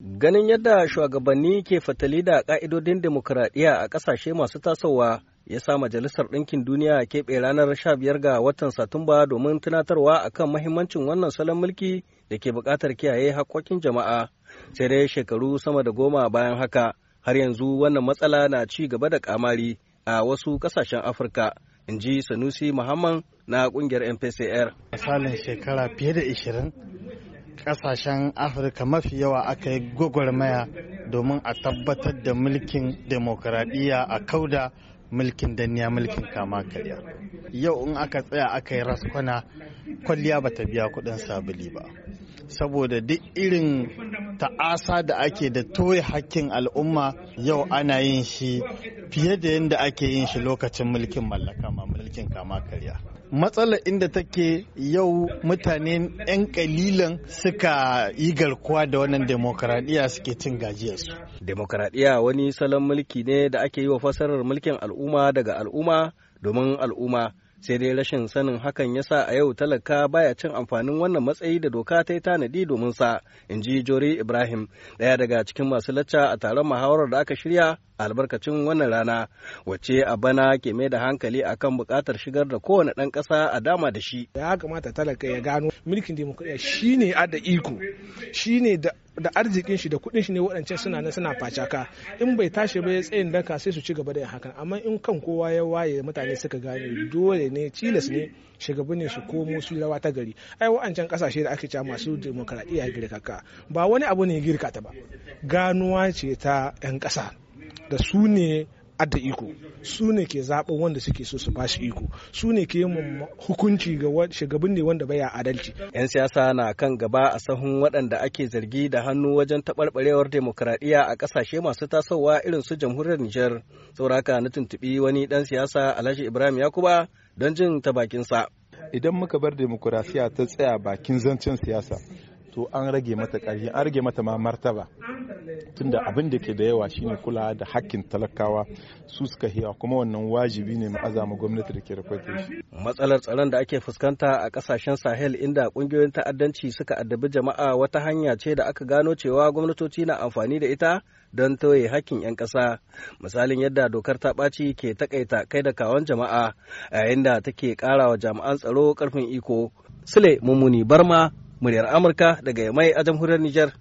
Ganin yadda shugabanni ke fatali da ka'idodin demokuraɗiyya a ƙasashe masu tasowa ya sa Majalisar Ɗinkin Duniya keɓe ranar sha biyar ga watan Satumba domin tunatarwa akan mahimmancin wannan salon mulki da ke buƙatar kiyaye haƙƙoƙin jama'a. Sai dai shekaru sama da goma bayan haka, har yanzu wannan matsala na ci gaba da ƙamari a wasu ƙasashen Afirka. In ji Sanusi Muhammad na ƙungiyar MPCR. Misalin shekara fiye da ishirin. kasashen afirka mafi yawa aka yi gwagwarmaya domin a tabbatar da mulkin demokuraɗiyya a kauda mulkin danniya mulkin kama karya yau in aka tsaya aka yi raskwana kwalliya ba ta biya kudin sabili ba saboda duk irin ta'asa da ake da toye hakkin al'umma yau ana yin shi fiye da yadda ake yin shi lokacin mulkin mallaka ma mulkin kama karya matsalar inda take yau mutane 'yan kalilan suka yi garkuwa da wannan demokaradiyya suke cin gajiyarsu. demokaradiyya wani salon mulki ne da ake yi wa fasarar mulkin al'umma daga al'umma domin al'umma sai dai rashin sanin hakan ya sa a yau talaka baya cin amfanin wannan matsayi da doka ta yi tanadi domin sa in ji jori ibrahim daya daga cikin masu lacca a taron muhawarar da aka shirya albarkacin wannan rana wacce a bana ke mai da hankali akan buƙatar shigar da kowane ɗan ƙasa a dama da shi ya kamata talaka ya gano mulkin demokuraɗiyya shine da iko shine da da arzikin shi da kuɗin shi ne waɗancan suna nan suna facaka in bai tashi ba ya tsayin daka sai su ci gaba da yin hakan amma in kan kowa ya waye mutane suka gane dole ne cilas ne ne su komo su rawa ta gari ai wa'ancan kasashe da ake cewa masu girka girkaka ba wani abu ne girka ta ba ganuwa ce ta 'yan ƙasa da su ne adda iko su ne ke wanda suke so su bashi iko su ne ke yin hukunci ga shugabin ne wanda baya adalci yan siyasa na kan gaba a sahun waɗanda ake zargi da hannu wajen taɓarɓarewar demokradiyya a ƙasashe masu tasowa irin su jamhuriyar Nijar sauraka na tuntubi wani dan siyasa Alhaji Ibrahim Yakuba don jin ta bakin sa. idan muka bar demokrasiya ta tsaya bakin zancen siyasa to an rage mata ƙarfi an rage mata ma martaba tunda abin da ke da yawa shine kula da hakkin talakawa su suka hiya kuma wannan wajibi ne mu azama gwamnati da ke da shi matsalar tsaron da ake fuskanta a kasashen sahel inda kungiyoyin ta'addanci suka addabi jama'a wata hanya ce da aka gano cewa gwamnatoci na amfani da ita don toye hakkin 'yan ƙasa misalin yadda dokar ta ɓaci ke takaita kai da kawon jama'a yayin da take ƙara wa jami'an tsaro ƙarfin iko sule mummuni barma muryar amurka daga mai a jamhuriyar nijar.